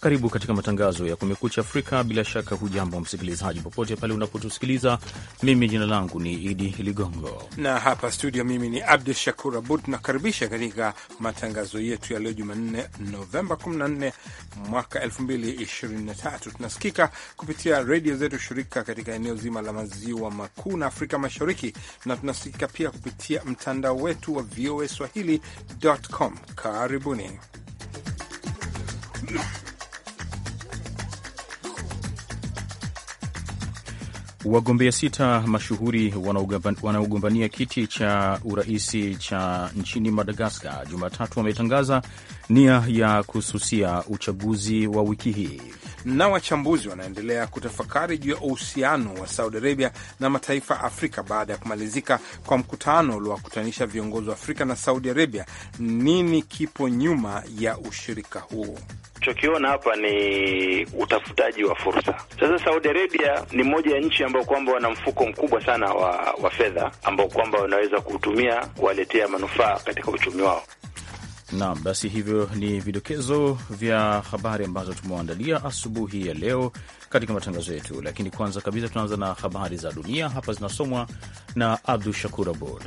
Karibu katika matangazo ya Kumekucha Afrika. Bila shaka, hujambo msikilizaji, popote pale unapotusikiliza. Mimi jina langu ni Idi Ligongo na hapa studio mimi ni Abdu Shakur Abud. Tunakaribisha katika matangazo yetu ya leo Jumanne, Novemba 14 mwaka 2023. Tunasikika kupitia redio zetu shirika katika eneo zima la maziwa makuu na Afrika Mashariki, na tunasikika pia kupitia mtandao wetu wa VOA Swahili.com. Karibuni Wagombea sita mashuhuri wanaogombania kiti cha uraisi cha nchini Madagaskar Jumatatu wametangaza nia ya kususia uchaguzi wa wiki hii, na wachambuzi wanaendelea kutafakari juu ya uhusiano wa Saudi Arabia na mataifa ya Afrika baada ya kumalizika kwa mkutano uliowakutanisha viongozi wa Afrika na Saudi Arabia. Nini kipo nyuma ya ushirika huo? tunachokiona hapa ni utafutaji wa fursa. Sasa Saudi Arabia ni moja ya nchi ambayo kwamba wana mfuko mkubwa sana wa, wa fedha ambao kwamba wanaweza kuutumia kuwaletea manufaa katika uchumi wao. Naam, basi hivyo ni vidokezo vya habari ambazo tumewaandalia asubuhi ya leo katika matangazo yetu, lakini kwanza kabisa tunaanza na habari za dunia. Hapa zinasomwa na Abdu Shakur Abod.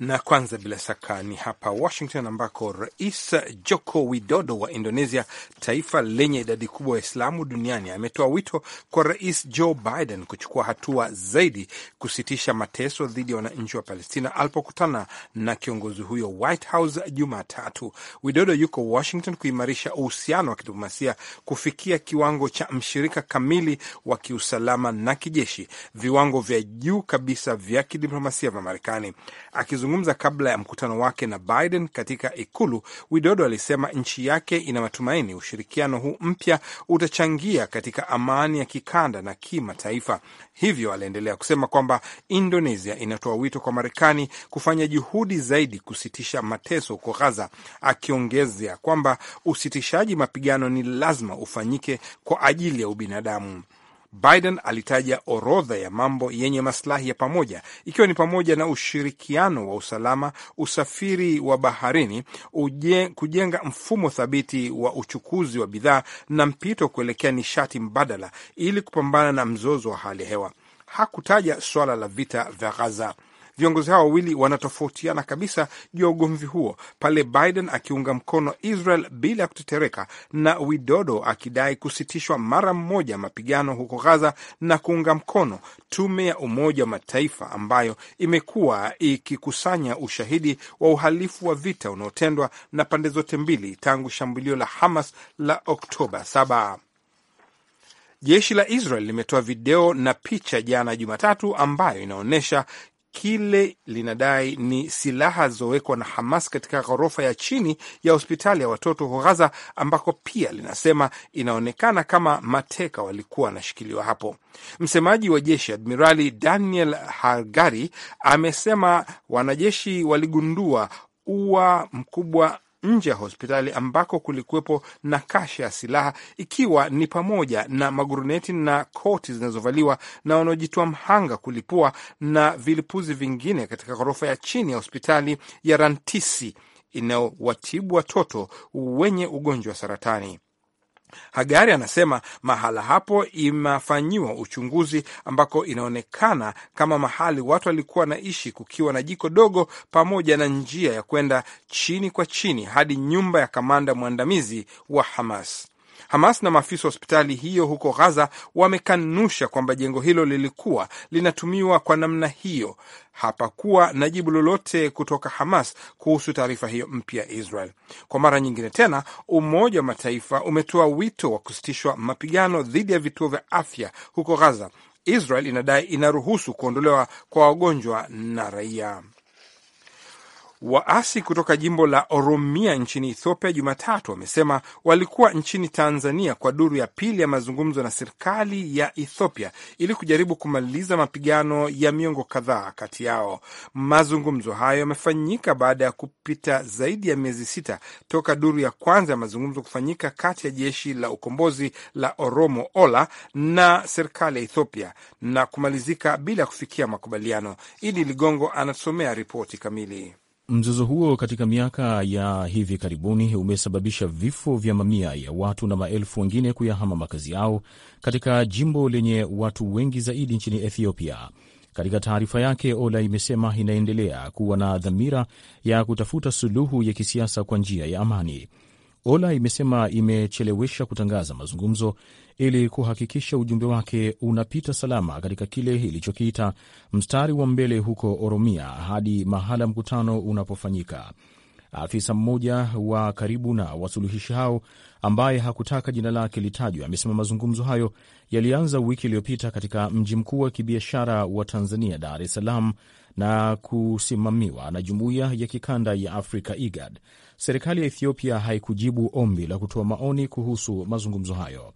Na kwanza bila shaka ni hapa Washington ambako Rais Joko Widodo wa Indonesia, taifa lenye idadi kubwa ya Waislamu duniani, ametoa wito kwa Rais Joe Biden kuchukua hatua zaidi kusitisha mateso dhidi ya wananchi wa Palestina alipokutana na kiongozi huyo White House Jumatatu. Widodo yuko Washington kuimarisha uhusiano wa kidiplomasia kufikia kiwango cha mshirika kamili wa kiusalama na kijeshi, viwango vya juu kabisa vya kidiplomasia vya Marekani. Akizu Akizungumza kabla ya mkutano wake na Biden katika Ikulu, Widodo alisema nchi yake ina matumaini ushirikiano huu mpya utachangia katika amani ya kikanda na kimataifa. Hivyo aliendelea kusema kwamba Indonesia inatoa wito kwa Marekani kufanya juhudi zaidi kusitisha mateso huko Gaza, akiongezea kwamba usitishaji mapigano ni lazima ufanyike kwa ajili ya ubinadamu. Biden alitaja orodha ya mambo yenye masilahi ya pamoja ikiwa ni pamoja na ushirikiano wa usalama, usafiri wa baharini, uje, kujenga mfumo thabiti wa uchukuzi wa bidhaa na mpito kuelekea nishati mbadala ili kupambana na mzozo wa hali ya hewa. Hakutaja swala la vita vya ghaza Viongozi hao wawili wanatofautiana kabisa juu ya ugomvi huo, pale Biden akiunga mkono Israel bila ya kutetereka na Widodo akidai kusitishwa mara mmoja mapigano huko Gaza na kuunga mkono tume ya Umoja wa Mataifa ambayo imekuwa ikikusanya ushahidi wa uhalifu wa vita unaotendwa na pande zote mbili tangu shambulio la Hamas la Oktoba 7. Jeshi la Israel limetoa video na picha jana Jumatatu ambayo inaonyesha kile linadai ni silaha zilizowekwa na Hamas katika ghorofa ya chini ya hospitali ya watoto huko Ghaza, ambako pia linasema inaonekana kama mateka walikuwa wanashikiliwa hapo. Msemaji wa jeshi Admirali Daniel hargari amesema wanajeshi waligundua ua mkubwa nje ya hospitali ambako kulikuwepo na kasha ya silaha ikiwa ni pamoja na maguruneti na koti zinazovaliwa na wanaojitoa mhanga kulipua na vilipuzi vingine katika ghorofa ya chini ya hospitali ya Rantisi inayowatibu watoto wenye ugonjwa wa saratani. Hagari anasema mahala hapo imefanyiwa uchunguzi ambako inaonekana kama mahali watu walikuwa wanaishi kukiwa na jiko dogo pamoja na njia ya kwenda chini kwa chini hadi nyumba ya kamanda mwandamizi wa Hamas. Hamas na maafisa wa hospitali hiyo huko Gaza wamekanusha kwamba jengo hilo lilikuwa linatumiwa kwa namna hiyo. Hapakuwa na jibu lolote kutoka Hamas kuhusu taarifa hiyo mpya ya Israel. Kwa mara nyingine tena, Umoja wa Mataifa umetoa wito wa kusitishwa mapigano dhidi ya vituo vya afya huko Gaza. Israel inadai inaruhusu kuondolewa kwa wagonjwa na raia. Waasi kutoka jimbo la Oromia nchini Ethiopia Jumatatu wamesema walikuwa nchini Tanzania kwa duru ya pili ya mazungumzo na serikali ya Ethiopia ili kujaribu kumaliza mapigano ya miongo kadhaa kati yao. Mazungumzo hayo yamefanyika baada ya kupita zaidi ya miezi sita toka duru ya kwanza ya mazungumzo kufanyika kati ya jeshi la ukombozi la Oromo OLA na serikali ya Ethiopia na kumalizika bila ya kufikia makubaliano. Idi Ligongo anasomea ripoti kamili. Mzozo huo katika miaka ya hivi karibuni umesababisha vifo vya mamia ya watu na maelfu wengine kuyahama makazi yao katika jimbo lenye watu wengi zaidi nchini Ethiopia. Katika taarifa yake, Ola imesema inaendelea kuwa na dhamira ya kutafuta suluhu ya kisiasa kwa njia ya amani. Ola imesema imechelewesha kutangaza mazungumzo ili kuhakikisha ujumbe wake unapita salama katika kile ilichokiita mstari wa mbele huko Oromia hadi mahala mkutano unapofanyika. Afisa mmoja wa karibu na wasuluhishi hao ambaye hakutaka jina lake litajwe amesema mazungumzo hayo yalianza wiki iliyopita katika mji mkuu wa kibiashara wa Tanzania, Dar es Salaam, na kusimamiwa na jumuiya ya kikanda ya Afrika, IGAD. Serikali ya Ethiopia haikujibu ombi la kutoa maoni kuhusu mazungumzo hayo.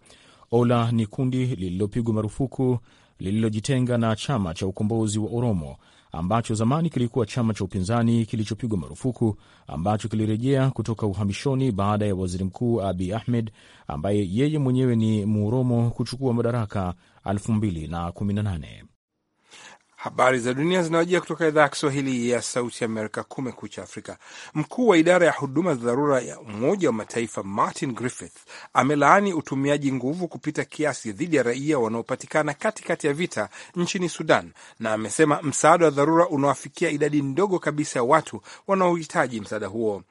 OLA ni kundi lililopigwa marufuku lililojitenga na chama cha ukombozi wa Oromo ambacho zamani kilikuwa chama cha upinzani kilichopigwa marufuku ambacho kilirejea kutoka uhamishoni baada ya waziri mkuu Abi Ahmed ambaye yeye mwenyewe ni Muuromo kuchukua madaraka 2018. Habari za dunia zinawajia kutoka idhaa ya Kiswahili ya Sauti Amerika, Kumekucha Afrika. Mkuu wa idara ya huduma za dharura ya Umoja wa Mataifa Martin Griffith amelaani utumiaji nguvu kupita kiasi dhidi ya raia wanaopatikana katikati ya vita nchini Sudan, na amesema msaada wa dharura unawafikia idadi ndogo kabisa ya watu wanaohitaji msaada huo.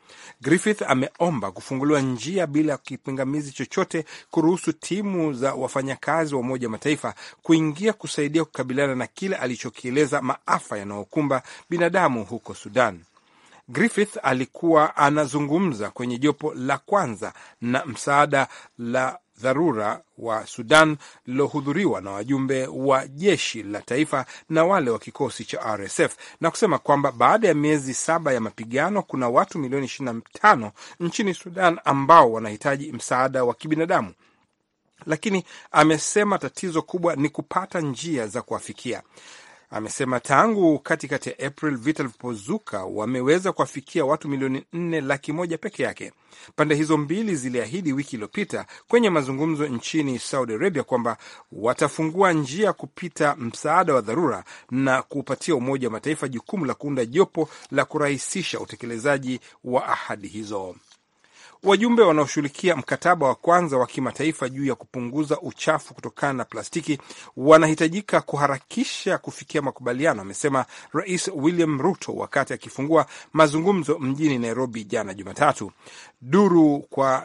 Griffith ameomba kufunguliwa njia bila kipingamizi chochote kuruhusu timu za wafanyakazi wa Umoja wa Mataifa kuingia kusaidia kukabiliana na kile alicho akieleza maafa yanayokumba binadamu huko Sudan. Griffith alikuwa anazungumza kwenye jopo la kwanza na msaada la dharura wa Sudan lilohudhuriwa na wajumbe wa jeshi la taifa na wale wa kikosi cha RSF na kusema kwamba baada ya miezi saba ya mapigano kuna watu milioni 25 nchini Sudan ambao wanahitaji msaada wa kibinadamu, lakini amesema tatizo kubwa ni kupata njia za kuwafikia amesema tangu katikati ya April vita vilivyozuka wameweza kuwafikia watu milioni nne laki moja peke yake. Pande hizo mbili ziliahidi wiki iliyopita kwenye mazungumzo nchini Saudi Arabia kwamba watafungua njia kupita msaada wa dharura na kuupatia Umoja wa Mataifa jukumu la kuunda jopo la kurahisisha utekelezaji wa ahadi hizo. Wajumbe wanaoshughulikia mkataba wa kwanza wa kimataifa juu ya kupunguza uchafu kutokana na plastiki wanahitajika kuharakisha kufikia makubaliano, amesema Rais William Ruto wakati akifungua mazungumzo mjini Nairobi jana Jumatatu. Duru kwa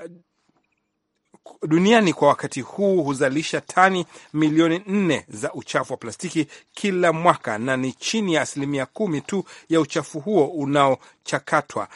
duniani kwa wakati huu huzalisha tani milioni nne za uchafu wa plastiki kila mwaka, na ni chini ya asilimia kumi tu ya uchafu huo unaochakatwa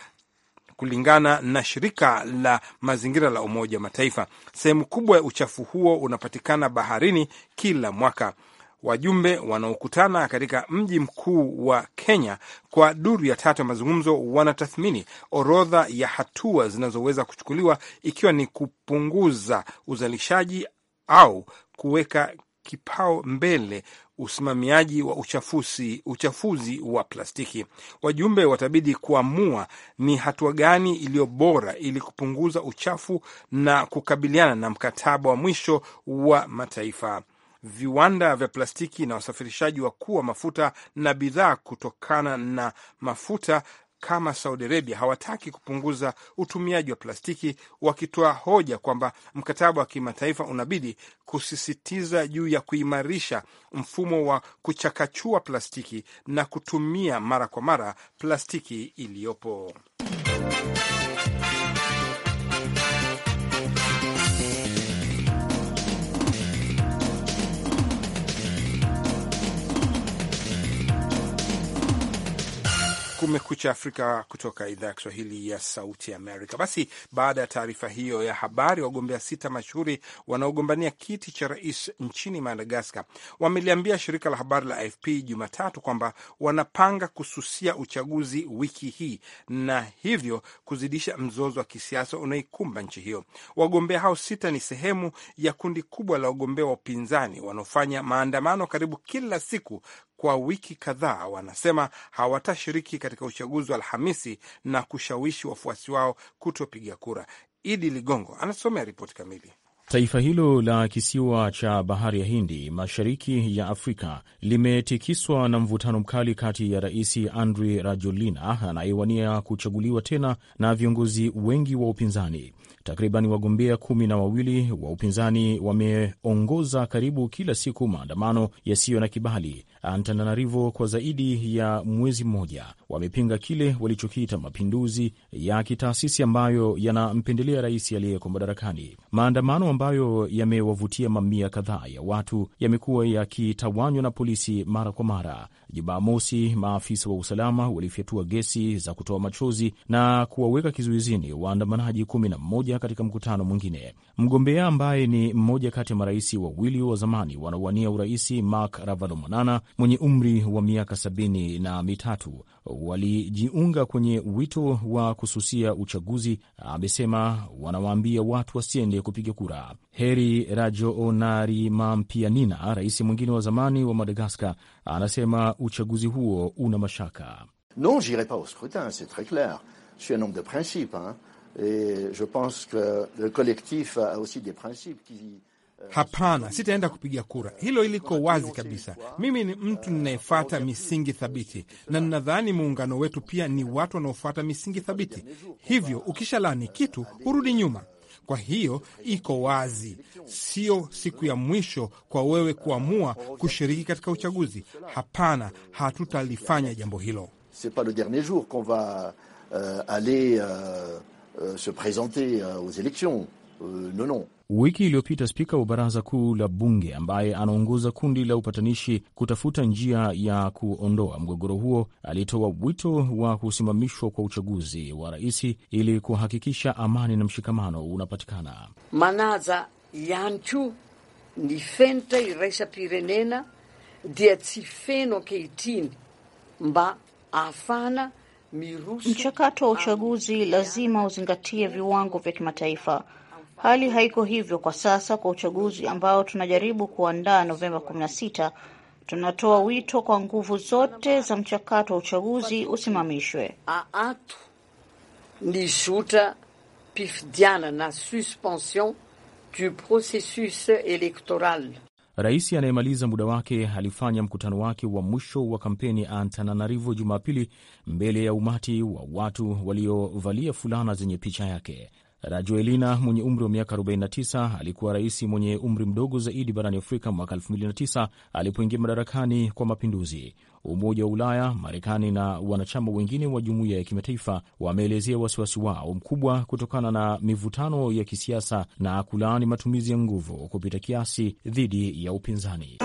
kulingana na shirika la mazingira la Umoja wa Mataifa. Sehemu kubwa ya uchafu huo unapatikana baharini kila mwaka. Wajumbe wanaokutana katika mji mkuu wa Kenya kwa duru ya tatu ya mazungumzo wanatathmini orodha ya hatua zinazoweza kuchukuliwa ikiwa ni kupunguza uzalishaji au kuweka kipao mbele usimamiaji wa uchafuzi, uchafuzi wa plastiki. Wajumbe watabidi kuamua ni hatua gani iliyo bora ili kupunguza uchafu na kukabiliana na mkataba wa mwisho wa mataifa. Viwanda vya plastiki na wasafirishaji wakuu wa mafuta na bidhaa kutokana na mafuta kama Saudi Arabia hawataki kupunguza utumiaji wa plastiki, wakitoa hoja kwamba mkataba wa kimataifa unabidi kusisitiza juu ya kuimarisha mfumo wa kuchakachua plastiki na kutumia mara kwa mara plastiki iliyopo. Kumekucha Afrika kutoka idhaa ya Kiswahili ya Sauti Amerika. Basi baada ya taarifa hiyo ya habari, wagombea sita mashuhuri wanaogombania kiti cha rais nchini Madagaskar wameliambia shirika la habari la AFP Jumatatu kwamba wanapanga kususia uchaguzi wiki hii na hivyo kuzidisha mzozo wa kisiasa unaikumba nchi hiyo. Wagombea hao sita ni sehemu ya kundi kubwa la wagombea wa upinzani wanaofanya maandamano karibu kila siku kwa wiki kadhaa wanasema hawatashiriki katika uchaguzi wa Alhamisi na kushawishi wafuasi wao kutopiga kura. Idi Ligongo anasomea ripoti kamili. Taifa hilo la kisiwa cha bahari ya Hindi mashariki ya Afrika limetikiswa na mvutano mkali kati ya Rais Andry Rajoelina anayewania kuchaguliwa tena na viongozi wengi wa upinzani. Takriban wagombea kumi na wawili wa upinzani wameongoza karibu kila siku maandamano yasiyo na kibali Antananarivo ah, kwa zaidi ya mwezi mmoja wamepinga kile walichokiita mapinduzi ya kitaasisi ambayo yanampendelea rais aliyeko madarakani. Maandamano ambayo yamewavutia mamia kadhaa ya watu yamekuwa yakitawanywa na polisi mara kwa mara. Jumamosi, maafisa wa usalama walifyatua gesi za kutoa machozi na kuwaweka kizuizini waandamanaji kumi na mmoja katika mkutano mwingine. Mgombea ambaye ni mmoja kati ya marais wawili wa zamani wanaowania uraisi Marc Ravalomanana mwenye umri wa miaka sabini na mitatu walijiunga kwenye wito wa kususia uchaguzi, amesema wanawaambia watu wasiende kupiga kura. Heri Rajaonarimampianina, rais mwingine wa zamani wa Madagaskar, anasema uchaguzi huo una mashaka. Non, j'irai pas au scrutin, c'est clair. Je suis un homme de principe, hein. Et je pense que le collectif a aussi des principes qui Hapana, sitaenda kupiga kura. Hilo iliko wazi kabisa. Mimi ni mtu ninayefuata misingi thabiti, na ninadhani muungano wetu pia ni watu wanaofuata misingi thabiti. Hivyo ukishalaani kitu hurudi nyuma. Kwa hiyo iko wazi, sio siku ya mwisho kwa wewe kuamua kushiriki katika uchaguzi. Hapana, hatutalifanya jambo hilo. Wiki iliyopita spika wa baraza kuu la bunge ambaye anaongoza kundi la upatanishi kutafuta njia ya kuondoa mgogoro huo alitoa wito wa kusimamishwa kwa uchaguzi wa rais ili kuhakikisha amani na mshikamano unapatikana. manaza yanchu fenta fenitra pirenena dia tsy feno mba afana mirusu. Mchakato wa uchaguzi lazima uzingatie viwango vya kimataifa Hali haiko hivyo kwa sasa kwa uchaguzi ambao tunajaribu kuandaa Novemba 16. Tunatoa wito kwa nguvu zote za mchakato wa uchaguzi usimamishwe. Lishuta pifdiana na suspension du processus electoral. Rais anayemaliza muda wake alifanya mkutano wake wa mwisho wa kampeni Antananarivo Jumapili mbele ya umati wa watu waliovalia fulana zenye picha yake. Rajoelina mwenye umri wa miaka 49 alikuwa rais mwenye umri mdogo zaidi barani Afrika mwaka 2009 alipoingia madarakani kwa mapinduzi. Umoja wa Ulaya, Marekani na wanachama wengine wa jumuiya ya kimataifa wameelezea wasiwasi wao mkubwa kutokana na mivutano ya kisiasa na kulaani matumizi ya nguvu kupita kiasi dhidi ya upinzani.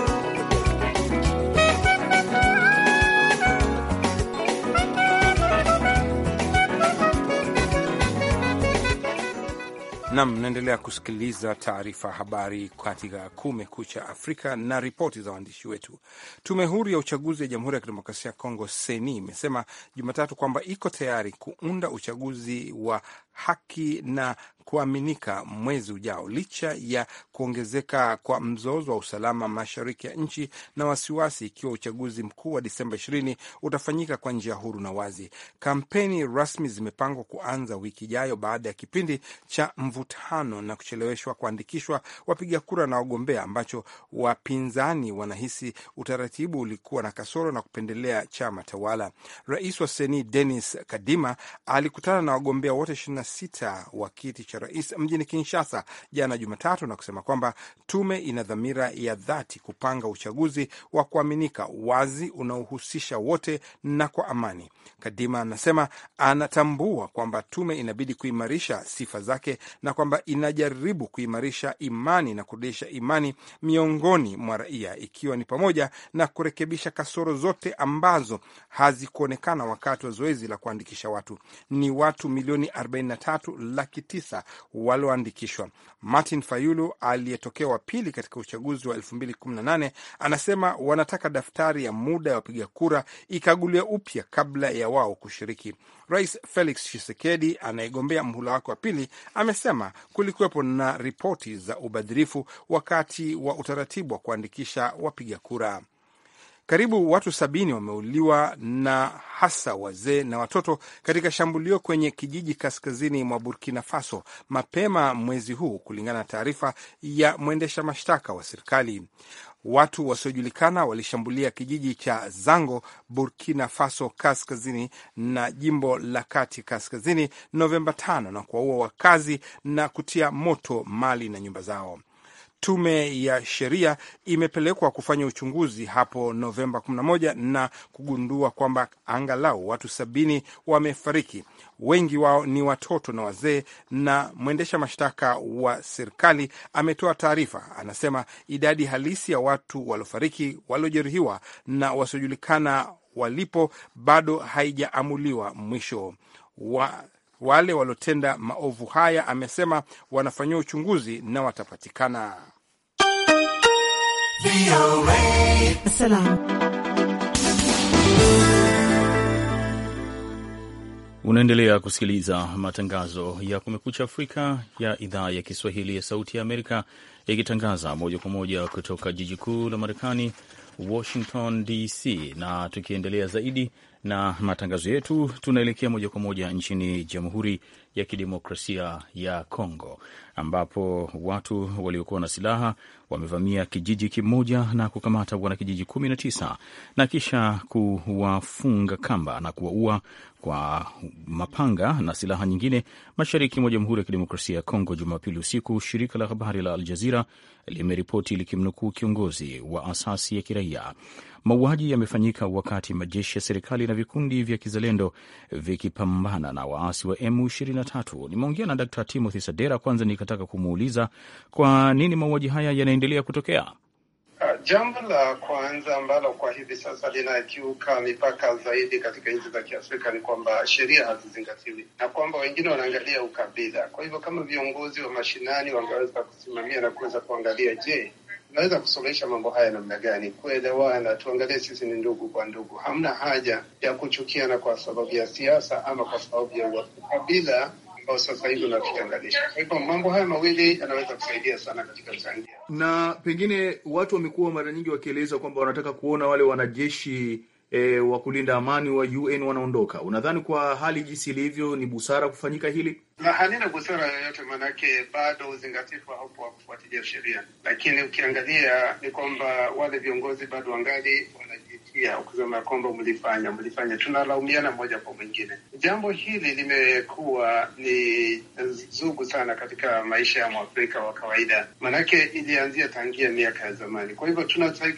Nam, naendelea kusikiliza taarifa habari katika Kumekucha Afrika na ripoti za waandishi wetu. Tume huru ya uchaguzi ya Jamhuri ya Kidemokrasia ya Kongo seni imesema Jumatatu kwamba iko tayari kuunda uchaguzi wa haki na kuaminika mwezi ujao, licha ya kuongezeka kwa mzozo wa usalama mashariki ya nchi na wasiwasi ikiwa uchaguzi mkuu wa Disemba 20 utafanyika kwa njia huru na wazi. Kampeni rasmi zimepangwa kuanza wiki ijayo baada ya kipindi cha mvutano na kucheleweshwa kuandikishwa wapiga kura na wagombea, ambacho wapinzani wanahisi utaratibu ulikuwa na kasoro na kupendelea chama tawala. Rais wa Seni Denis Kadima alikutana na wagombea wote 26 wa kiti cha rais mjini Kinshasa jana Jumatatu na kusema kwamba tume ina dhamira ya dhati kupanga uchaguzi wa kuaminika, wazi, unaohusisha wote na kwa amani. Kadima anasema anatambua kwamba tume inabidi kuimarisha sifa zake na kwamba inajaribu kuimarisha imani na kurudisha imani miongoni mwa raia, ikiwa ni pamoja na kurekebisha kasoro zote ambazo hazikuonekana wakati wa zoezi la kuandikisha watu. Ni watu milioni 43 laki 9 walioandikishwa. Martin Fayulu aliyetokea wa pili katika uchaguzi wa 2018 anasema wanataka daftari ya muda ya wapiga kura ikaguliwa upya kabla ya wao kushiriki. Rais Felix Tshisekedi anayegombea mhula wake wa pili amesema kulikuwepo na ripoti za ubadhirifu wakati wa utaratibu wa kuandikisha wapiga kura. Karibu watu sabini wameuliwa na hasa wazee na watoto katika shambulio kwenye kijiji kaskazini mwa Burkina Faso mapema mwezi huu, kulingana na taarifa ya mwendesha mashtaka wa serikali. Watu wasiojulikana walishambulia kijiji cha Zango, Burkina Faso kaskazini na jimbo la kati kaskazini Novemba tano na kuwaua wakazi na kutia moto mali na nyumba zao tume ya sheria imepelekwa kufanya uchunguzi hapo Novemba 11 na kugundua kwamba angalau watu sabini wamefariki, wengi wao ni watoto na wazee. Na mwendesha mashtaka wa serikali ametoa taarifa, anasema idadi halisi ya watu waliofariki, waliojeruhiwa na wasiojulikana walipo bado haijaamuliwa mwisho wa wale waliotenda maovu haya, amesema wanafanyia uchunguzi na watapatikana. Unaendelea kusikiliza matangazo ya Kumekucha Afrika ya idhaa ya Kiswahili ya Sauti ya Amerika ikitangaza moja kwa moja kutoka jiji kuu la Marekani, Washington DC. Na tukiendelea zaidi na matangazo yetu, tunaelekea moja kwa moja nchini Jamhuri ya Kidemokrasia ya Kongo, ambapo watu waliokuwa na silaha wamevamia kijiji kimoja na kukamata wanakijiji 19 na kisha kuwafunga kamba na kuwaua kwa mapanga na silaha nyingine mashariki mwa Jamhuri ya Kidemokrasia ya Kongo Jumapili usiku, shirika la habari la Aljazira Palestina limeripoti likimnukuu kiongozi wa asasi ya kiraia. Mauaji yamefanyika wakati majeshi ya serikali na vikundi vya kizalendo vikipambana na waasi wa M23. Nimeongea na Dr. Timothy Sadera, kwanza nikataka kumuuliza kwa nini mauaji haya yanaendelea kutokea. Jambo la kwanza ambalo kwa hivi sasa linakiuka mipaka zaidi katika nchi za Kiafrika ni kwamba sheria hazizingatiwi na kwamba wengine wanaangalia ukabila. Kwa hivyo kama viongozi wa mashinani wangeweza kusimamia na kuweza kuangalia, je, naweza kusuluhisha mambo haya namna gani? Kuelewana, tuangalie sisi ni ndugu kwa ndugu, hamna haja ya kuchukiana kwa sababu ya siasa ama kwa sababu ya ukabila ambao sasa hivi unavitenganisha. Kwa hivyo mambo haya mawili yanaweza kusaidia sana katika kuchangia, na pengine watu wamekuwa mara nyingi wakieleza kwamba wanataka kuona wale wanajeshi e, wa kulinda amani wa UN wanaondoka. Unadhani kwa hali jinsi ilivyo ni busara kufanyika hili? Na halina busara yoyote, maanake bado uzingatifu haupo wa kufuatilia sheria, lakini ukiangalia ni kwamba wale viongozi bado wangali wana kusikia ukisema kwamba mlifanya mlifanya, tunalaumiana moja kwa mwingine. Jambo hili limekuwa ni zugu sana katika maisha ya mwafrika wa kawaida, manake ilianzia tangia miaka ya zamani. Kwa hivyo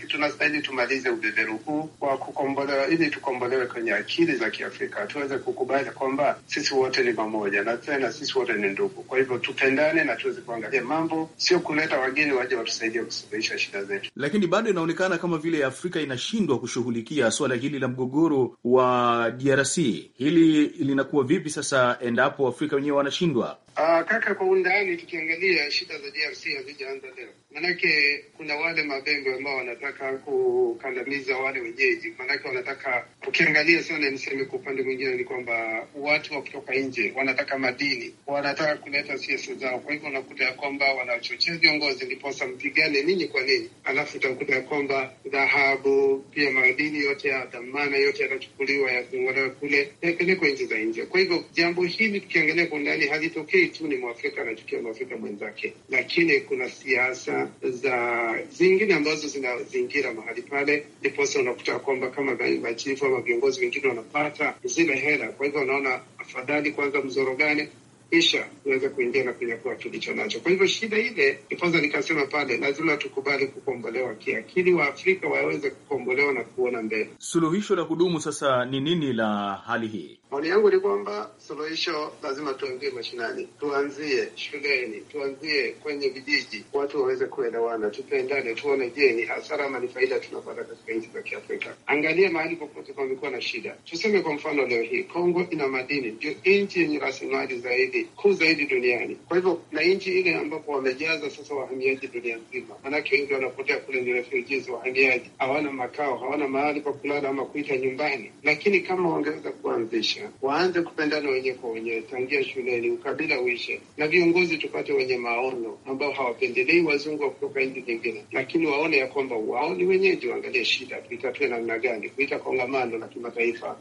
tunastahili tumalize ubeberu huu wa kukombolewa, ili tukombolewe kwenye akili za Kiafrika, tuweze kukubali kwamba sisi wote ni pamoja na tena sisi wote ni ndugu. Kwa hivyo tupendane na tuweze kuangalia mambo, sio kuleta wageni waje watusaidia kusuluhisha shida zetu, lakini bado inaonekana kama vile Afrika inashindwa kushuhudia kushughulikia suala hili la mgogoro wa DRC. Hili linakuwa vipi sasa endapo Afrika wenyewe wanashindwa? Uh, kaka, kwa undani tukiangalia shida za DRC hazijaanza leo, manake kuna wale mabembe ambao wanataka kukandamiza wale wenyeji, manake wanataka ukiangalia sana, niseme kwa upande mwingine ni kwamba watu wa kutoka nje wanataka madini, wanataka kuleta siasa zao. Kwa hivyo unakuta ya kwamba wanachochea viongozi ndiposa mpigane ninyi kwa ninyi, alafu utakuta ya kwamba dhahabu pia madini yote ya dhamana yote yatachukuliwa yakung'olewa kule yapelekwa nchi za nje. Kwa hivyo jambo hili tukiangalia kwa undani halitokei tu ni Mwafrika anachukia Mwafrika mwenzake, lakini kuna siasa za zingine ambazo zinazingira mahali pale, ndiposa unakuta kwamba kama machifu ama viongozi wengine wanapata zile hela. Kwa hivyo wanaona afadhali kwanza mzoro gani kisha tuweze kuingia na kunyakua tulicho nacho. Kwa hivyo shida ile kwanza, nikasema pale lazima tukubali kukombolewa kiakili, Waafrika waweze kukombolewa na kuona mbele. Suluhisho la kudumu sasa ni nini la hali hii? Maoni yangu ni kwamba suluhisho lazima tuanzie mashinani, tuanzie shuleni, tuanzie kwenye vijiji, watu waweze kuelewana, tupendane, tuone, je, ni hasara ama ni faida tunapata katika nchi za Kiafrika. Angalia mahali popote pamekuwa na shida. Tuseme kwa mfano leo hii Kongo ina madini, ndio nchi yenye rasilimali zaidi zaidi kuu zaidi duniani. Kwa hivyo na nchi ile ambapo wamejaza sasa wahamiaji dunia nzima, maanake wengi wanapotea kule ni refugees, wahamiaji hawana makao, hawana mahali pa kulala ama kuita nyumbani. Lakini kama wangeweza kuanzisha, waanze kupendana wenyewe kwa wenyewe tangia shuleni, ukabila uishe, na viongozi tupate wenye maono ambao hawapendelei wazungu wa kutoka nchi nyingine, lakini waone ya kwamba wao ni wenyeji, waangalie shida tuitatue namna gani, kuita kongamano la kimataifa.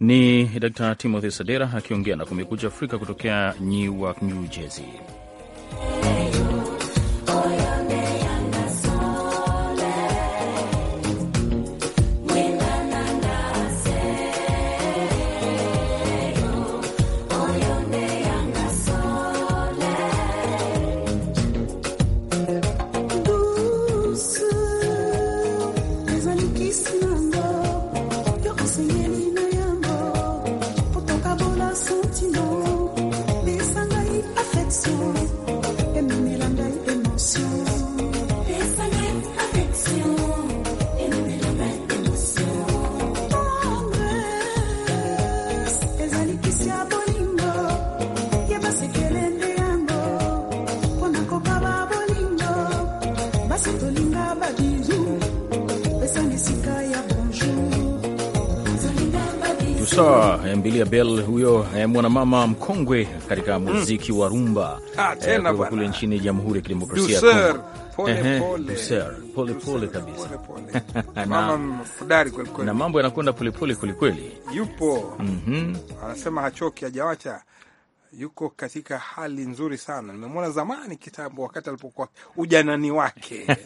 Ni Dr Timothy Sadera akiongea na Kumekucha Afrika kutokea Newark, New Jersey. Bilia Bel huyo eh, mwanamama mkongwe katika hmm. muziki mm. wa rumba ah, eh, tena eh, kule nchini Jamhuri ya Kidemokrasia ya Pole pole, kabisa na mambo yanakwenda polepole kwelikweli. Yupo mm -hmm. anasema hachoki hajawacha yuko katika hali nzuri sana. Nimemwona zamani kitambo, wakati alipokuwa ujanani wake.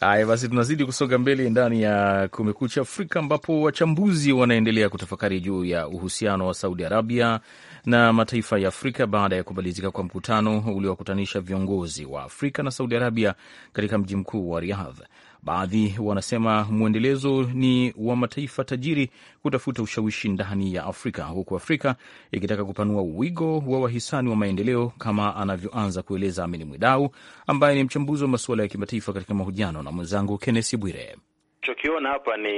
Haya basi, tunazidi kusonga mbele ndani ya Kumekucha Afrika, ambapo wachambuzi wanaendelea kutafakari juu ya uhusiano wa Saudi Arabia na mataifa ya Afrika baada ya kumalizika kwa mkutano uliowakutanisha viongozi wa Afrika na Saudi Arabia katika mji mkuu wa Riyadh. Baadhi wanasema mwendelezo ni wa mataifa tajiri kutafuta ushawishi ndani ya Afrika, huku Afrika ikitaka kupanua wigo wa wahisani wa maendeleo, kama anavyoanza kueleza Amini Mwidau ambaye ni mchambuzi wa masuala ya kimataifa, katika mahojiano na mwenzangu Kennesi Bwire. chokiona hapa ni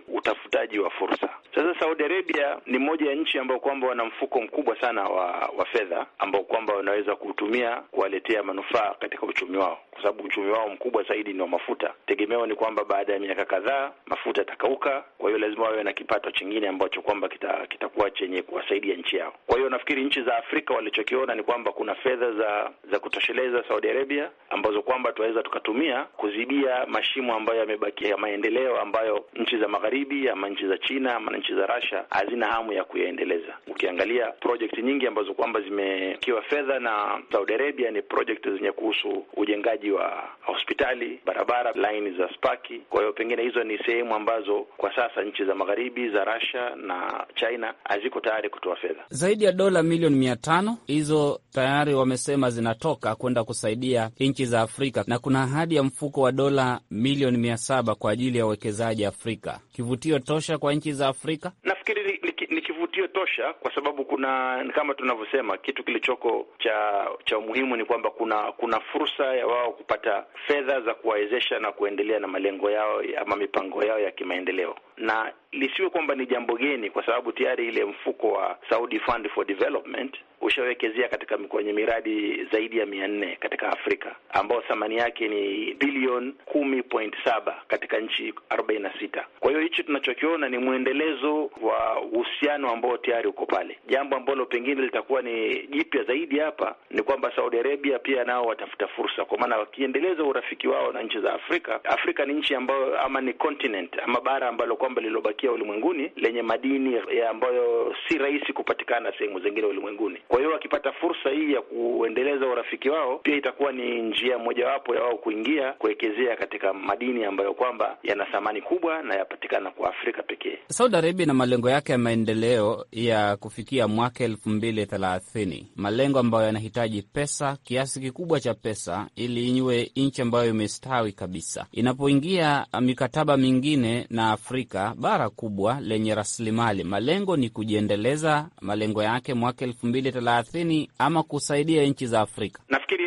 utafutaji wa fursa. Sasa Saudi Arabia ni moja ya nchi ambayo kwamba wana mfuko mkubwa sana wa, wa fedha ambao kwamba wanaweza kuutumia kuwaletea manufaa katika uchumi wao, kwa sababu uchumi wao mkubwa zaidi ni wa mafuta. Tegemeo ni kwamba baada ya miaka kadhaa mafuta yatakauka, kwa hiyo lazima wawe na kipato chingine ambacho kwamba kitakuwa kita chenye kuwasaidia nchi yao. Kwa hiyo nafikiri nchi za Afrika walichokiona ni kwamba kuna fedha za za kutosheleza Saudi Arabia ambazo kwamba tunaweza tukatumia kuzibia mashimo ambayo yamebakia ya maendeleo ambayo nchi za magharibi ama nchi za China ama nchi za Russia hazina hamu ya kuyaendeleza. Ukiangalia project nyingi ambazo kwamba zimekiwa fedha na Saudi Arabia ni project zenye kuhusu ujengaji wa hospitali, barabara, laini za spaki. Kwa hiyo pengine hizo ni sehemu ambazo kwa sasa nchi za magharibi za Russia na China haziko tayari kutoa fedha zaidi ya dola milioni mia tano. Hizo tayari wamesema zinatoka kwenda kusaidia nchi za Afrika na kuna ahadi ya mfuko wa dola milioni mia saba kwa ajili ya uwekezaji Afrika, kivutio tosha kwa nchi za Afrika Afrika? Nafikiri ni, ni, ni kivutio tosha, kwa sababu kuna kama tunavyosema, kitu kilichoko cha cha umuhimu ni kwamba kuna kuna fursa ya wao kupata fedha za kuwawezesha na kuendelea na malengo yao ama mipango yao ya kimaendeleo na lisiwe kwamba ni jambo geni, kwa sababu tayari ile mfuko wa Saudi Fund for Development ushawekezea katika kwenye miradi zaidi ya mia nne katika Afrika ambao thamani yake ni bilioni kumi point saba katika nchi arobaini na sita. Kwa hiyo hichi tunachokiona ni mwendelezo wa uhusiano ambao tayari uko pale. Jambo ambalo pengine litakuwa ni jipya zaidi hapa ni kwamba Saudi Arabia pia nao watafuta fursa, kwa maana wakiendeleza urafiki wao na nchi za Afrika. Afrika ni nchi ambayo ama ni continent ama bara ambalo kwamba lilobaki kufikia ulimwenguni lenye madini ambayo si rahisi kupatikana sehemu zingine ulimwenguni. Kwa hiyo wakipata fursa hii ya kuendeleza urafiki wao, pia itakuwa ni njia mojawapo ya wao kuingia kuwekezea katika madini ambayo kwamba yana thamani kubwa na yapatikana kwa Afrika pekee. Saudi Arabia na malengo yake ya maendeleo ya kufikia mwaka elfu mbili thelathini, malengo ambayo yanahitaji pesa, kiasi kikubwa cha pesa, ili inywe nchi ambayo imestawi kabisa. Inapoingia mikataba mingine na Afrika bara kubwa lenye rasilimali. Malengo ni kujiendeleza malengo yake mwaka elfu mbili thelathini ama kusaidia nchi za Afrika. Nafikiri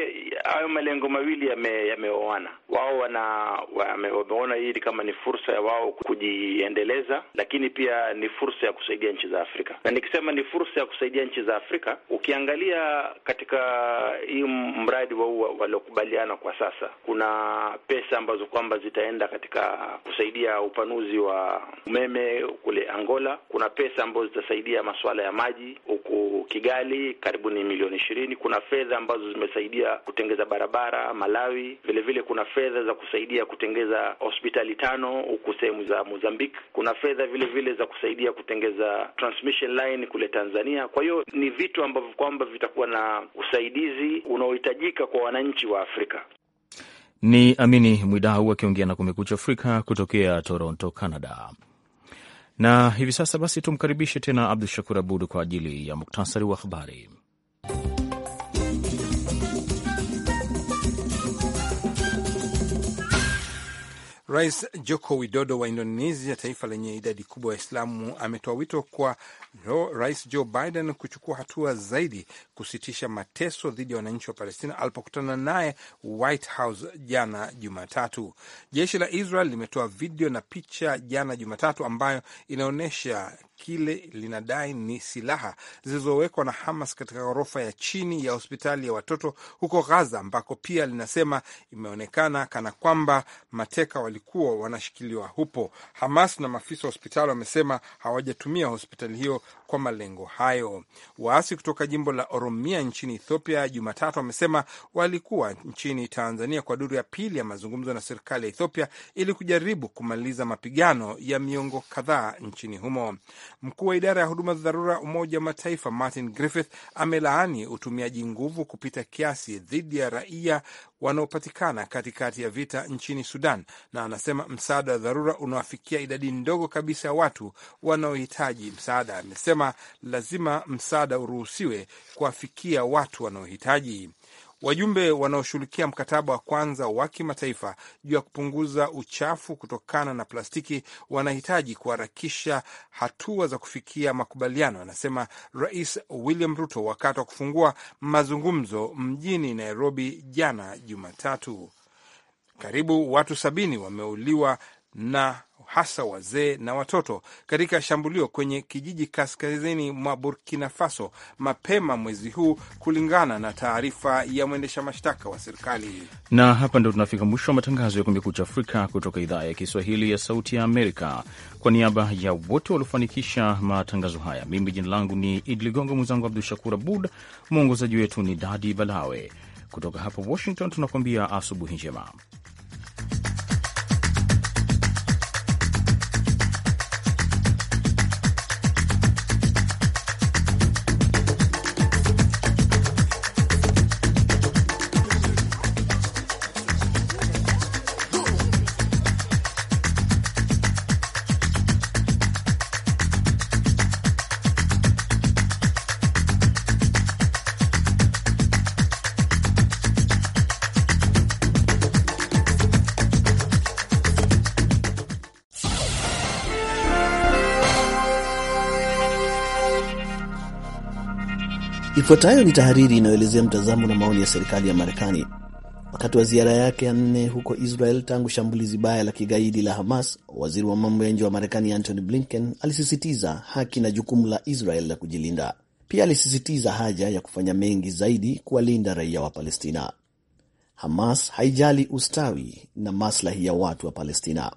hayo malengo mawili yameoana. ya wao wana wameona hii kama ni fursa ya wao kujiendeleza, lakini pia ni fursa ya kusaidia nchi za Afrika. Na nikisema ni fursa ya kusaidia nchi za Afrika, ukiangalia katika hii mradi wao waliokubaliana kwa sasa, kuna pesa ambazo kwamba zitaenda katika kusaidia upanuzi wa umeme kule Angola. Kuna pesa ambazo zitasaidia masuala ya maji huku Kigali, karibu ni milioni ishirini. Kuna fedha ambazo zimesaidia kutengeza kutengeza barabara Malawi. Vilevile vile kuna fedha za kusaidia kutengeza hospitali tano huku sehemu za Mozambique. Kuna fedha vile vile za kusaidia kutengeza transmission line kule Tanzania. Kwa hiyo ni vitu ambavyo kwamba vitakuwa na usaidizi unaohitajika kwa wananchi wa Afrika. Ni Amini Mwidau akiongea na Kumekucha Afrika kutokea Toronto, Canada. Na hivi sasa basi tumkaribishe tena Abdu Shakur Abud kwa ajili ya muktasari wa habari. Rais Joko Widodo wa Indonesia, taifa lenye idadi kubwa ya Waislamu, ametoa wito kwa Rais Joe Biden kuchukua hatua zaidi kusitisha mateso dhidi ya wananchi wa Palestina alipokutana naye White House jana Jumatatu. Jeshi la Israel limetoa video na picha jana Jumatatu ambayo inaonyesha kile linadai ni silaha zilizowekwa na Hamas katika ghorofa ya chini ya hospitali ya watoto huko Gaza, ambako pia linasema imeonekana kana kwamba mateka wali walikuwa wanashikiliwa hupo. Hamas na maafisa wa hospitali wamesema hawajatumia hospitali hiyo kwa malengo hayo. Waasi kutoka jimbo la Oromia nchini Ethiopia Jumatatu wamesema walikuwa nchini Tanzania kwa duru ya pili ya mazungumzo na serikali ya Ethiopia ili kujaribu kumaliza mapigano ya miongo kadhaa nchini humo. Mkuu wa idara ya huduma za dharura Umoja wa Mataifa Martin Griffith amelaani utumiaji nguvu kupita kiasi dhidi ya raia wanaopatikana katikati ya vita nchini Sudan, na anasema msaada wa dharura unawafikia idadi ndogo kabisa ya watu wanaohitaji msaada. Amesema amesema lazima msaada uruhusiwe kuwafikia watu wanaohitaji. Wajumbe wanaoshughulikia mkataba wa kwanza wa kimataifa juu ya kupunguza uchafu kutokana na plastiki wanahitaji kuharakisha hatua za kufikia makubaliano, anasema Rais William Ruto wakati wa kufungua mazungumzo mjini Nairobi jana Jumatatu. Karibu watu sabini wameuliwa na hasa wazee na watoto katika shambulio kwenye kijiji kaskazini mwa Burkina Faso mapema mwezi huu, kulingana na taarifa ya mwendesha mashtaka wa serikali. Na hapa ndo tunafika mwisho wa matangazo ya Kumekucha Afrika kutoka idhaa ya Kiswahili ya Sauti ya Amerika. Kwa niaba ya wote waliofanikisha matangazo haya, mimi jina langu ni Idi Ligongo, mwenzangu Abdu Shakur Abud, mwongozaji wetu ni Dadi Balawe. Kutoka hapa Washington tunakuambia asubuhi njema. Ifuatayo ni tahariri inayoelezea mtazamo na maoni ya serikali ya Marekani. Wakati wa ziara yake ya nne huko Israel tangu shambulizi baya la kigaidi la Hamas, waziri wa mambo ya nje wa Marekani Antony Blinken alisisitiza haki na jukumu la Israel la kujilinda. Pia alisisitiza haja ya kufanya mengi zaidi kuwalinda raia wa Palestina. Hamas haijali ustawi na maslahi ya watu wa Palestina,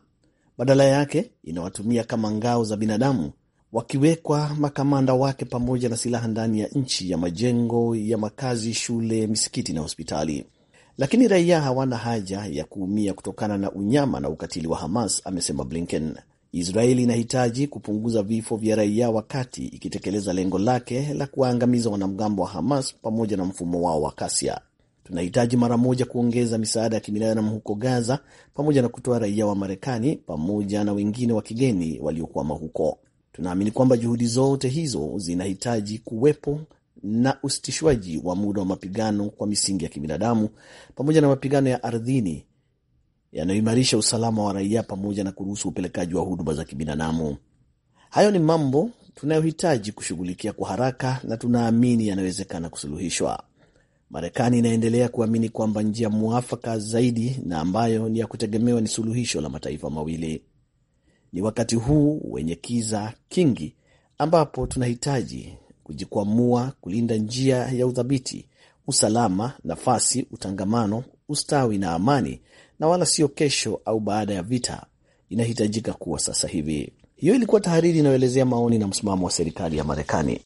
badala yake inawatumia kama ngao za binadamu wakiwekwa makamanda wake pamoja na silaha ndani ya nchi, ya majengo ya makazi, shule, misikiti na hospitali. Lakini raia hawana haja ya kuumia kutokana na unyama na ukatili wa Hamas, amesema Blinken. Israeli inahitaji kupunguza vifo vya raia wakati ikitekeleza lengo lake la kuwaangamiza wanamgambo wa Hamas pamoja na mfumo wao wa kasia. Tunahitaji mara moja kuongeza misaada ya kibinadamu huko Gaza pamoja na kutoa raia wa Marekani pamoja na wengine wa kigeni waliokwama huko. Tunaamini kwamba juhudi zote hizo zinahitaji kuwepo na usitishwaji wa muda wa mapigano kwa misingi ya kibinadamu pamoja na mapigano ya ardhini yanayoimarisha usalama wa raia pamoja na kuruhusu upelekaji wa huduma za kibinadamu. Hayo ni mambo tunayohitaji kushughulikia kwa haraka na tunaamini yanawezekana kusuluhishwa. Marekani inaendelea kuamini kwamba njia mwafaka zaidi na ambayo ni ya kutegemewa ni suluhisho la mataifa mawili. Ni wakati huu wenye kiza kingi ambapo tunahitaji kujikwamua kulinda njia ya uthabiti, usalama, nafasi, utangamano, ustawi na amani, na wala sio kesho au baada ya vita. Inahitajika kuwa sasa hivi. Hiyo ilikuwa tahariri inayoelezea maoni na msimamo wa serikali ya Marekani.